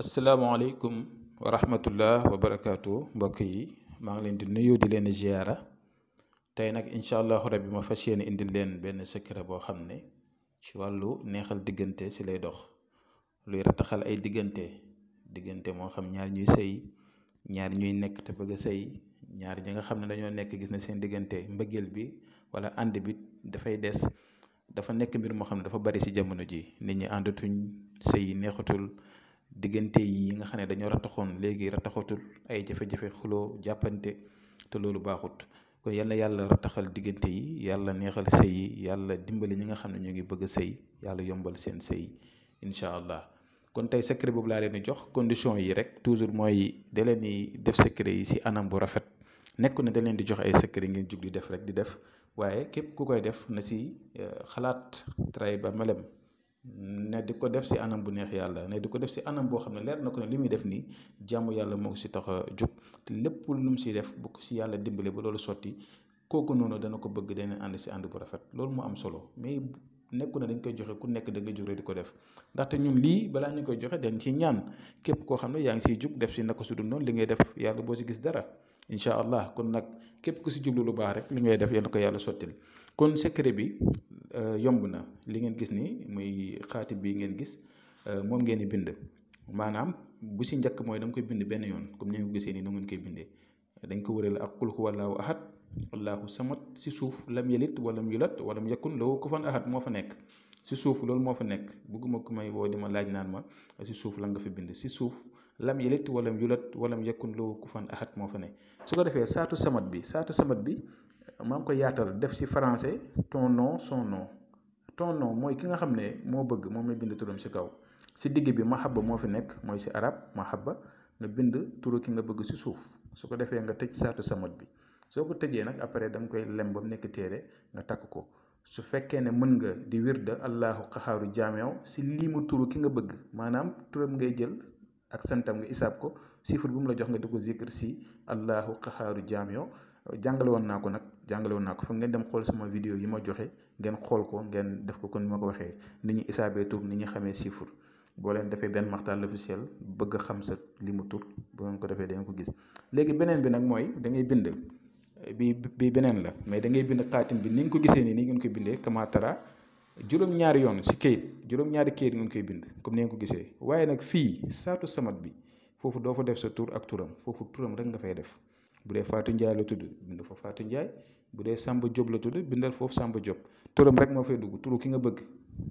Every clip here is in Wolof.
asalaamaaleykum wa rahmatullah wa barakaatu mbokk yi maa ngi leen di nuyu di leen ziyaara tey nag incha allahu bi ma fas yéene indi leen benn secret boo xam ne ci wàllu neexal diggante si lay dox luy rataxal ay diggante diggante moo xam ñaar ñuy sëy ñaar ñuy nekk te bëgg sëy ñaar ñi nga xam ne dañoo nekk gis na seen diggante mbëggeel bi wala ànd bi dafay des dafa nekk mbir moo xam ne dafa bari si jamono ji nit ñi àndatuñ sëy yi neexatul diggante yi nga xam ne dañoo rataxoon léegi rataxatul ay jafe-jafe xuloo jàppante te loolu baaxut kon yal yàlla rataxal diggante yi yàlla neexal sëy yi yàlla dimbali ñi nga xam ne ñu ngi bëgg a sëy yàlla yombal seen sëy incha allah kon tey secret boobu laa leen di jox condition yi rek toujours mooy da leen di def secret yi si anam bu rafet nekku na da leen di jox ay secret ngeen jug di def rek di def waaye képp ku koy def na si euh, xalaat tray ba melem ne di ko def si anam bu neex yàlla ne di ko def si anam boo xam ne leer na ko ne li def nii jàmm yàlla moo ko si tax a jug te lépp mu si def bu si yàlla dimbale ba loolu sotti kooku noonu dana ko bëgg dana ànd si ànd bu rafet loolu moo am solo mais nekku na dañ koy joxe ku nekk da nga jure di ko def ndaxte ñun lii balaa ñu koy joxe dañ ci ñaan képp koo xam ne yaa ngi siy jug def si naka ko dul noonu li ngay def yàlla boo si gis dara incha allah kon nag képp ku si jublu lu baax rek li ngay def yal na ko yàlla sottil kon secret bi Euh, yomb na li ngeen gis ni muy xaati bi ngeen gis euh, moom ngeen di bind maanaam bu si njëkk mooy da koy bind benn yoon comme ni nga ko gisee nii nu koy bindee dañ ko wërale ak qul huwallahu ahad allahu samad si suuf lam yelit walam yulat walam yakun lahu kufuwan ahad moo fa nekk si suuf loolu moo fa nekk bëgguma ku may woo di ma laaj naan ma si suuf la nga fi bind si suuf lam yelit walam mu walam yakun ku kufuwan ahad moo fa nekk su ko defee saatu samat bi saatu samad bi maa ngi ko yaatal def ci français ton nom son nom ton nom mooy ki nga xam ne moo bëgg moom la bind turam ci kaw si digg bi mahabba moo fi nekk mooy si arab mahabba nga bind turu ki nga bëgg si suuf su ko defee nga tëj saatu samot bi soo ko tëjee nag après da koy lem ba nekk téere nga takk ko su fekkee ne mën nga di wirda allahu qaxaaru jaameew ci lii mu turu ki nga bëgg maanaam turam ngay jël ak santam nga isaab ko chiffre bi mu la jox nga di ko zikr si allahu qaxaaru jaameew jàngale woon naa ko nag jàngale woon naa ko fa ngeen dem xool sama vidéo yi ma joxe ngeen xool ko ngeen def ko kon ni ma ko waxee ni ñu isaabee tur ni ñu xamee chiffre boo leen defee benn Maxtal bëgg xam sa limu tur bu ngeen ko defee da ngeen ko gis léegi beneen bi nag mooy da ngay bind bi bi beneen la mais da ngay bind xaatim bi ni nga ko gisee nii ni ngeen ko bindee tara juróom-ñaari yoon si kayit juróom-ñaari kayit ngeen koy bind comme ni ngeen ko gisee waaye nag fii saatu samat bi foofu doo fa def sa tur ak turam foofu turam rek nga fay def bu dee Fatou Ndiaye la tudd bind fa Fatou Ndiaye bu dee Samba Diop la tudd bindal foofu Samba Diop turam rek moo fay dugg turu ki nga bëgg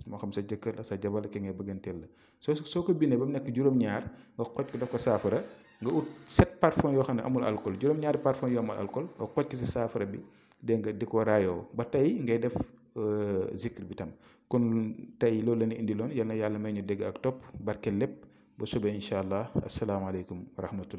moo xam sa jëkkër la sa jabar la ki nga bëgganteel la soo soo ko bindee ba mu nekk juróom-ñaar nga xoj ko def ko saafara nga ut set sept parfum yoo xam ne amul alcool juróom-ñaari parfum yoo amul alcool nga xoj ko si saafara bi dégg di ko raayoo ba tey ngay def euh, zikr bi tam kon tey loolu la ñu indiloon yal na yàlla may ñu dégg ak topp barke lépp ba suba incha allah asalaamaaleykum